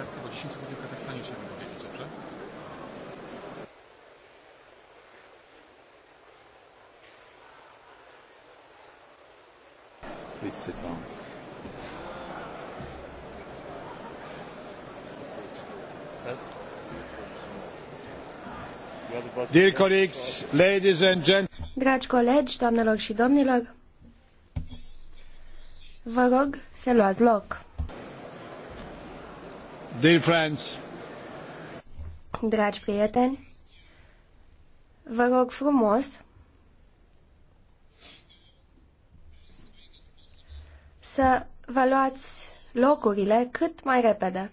tak tylko 10 sekund w Kazachstanie chciałbym powiedzieć, dobrze? Oui, c'est pas. Dear colleagues, ladies and gentlemen. Dragi colegi, doamnelor și domnilor, vă rog să luați loc. Dear friends. Dragi prieteni, vă rog frumos să vă luați locurile cât mai repede.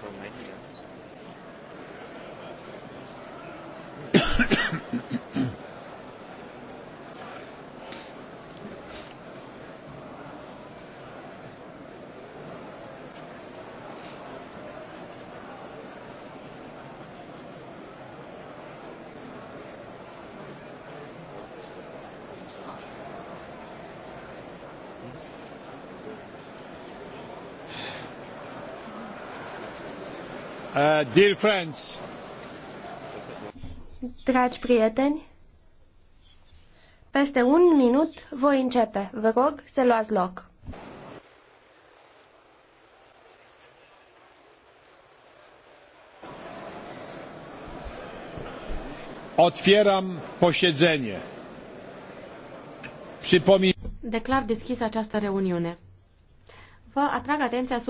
so many. Uh, dear friends. Dragi prieteni, peste un minut voi începe. Vă rog să luați loc. Otwieram posiedzenie. Przypomin Declar deschis această reuniune. Vă atrag atenția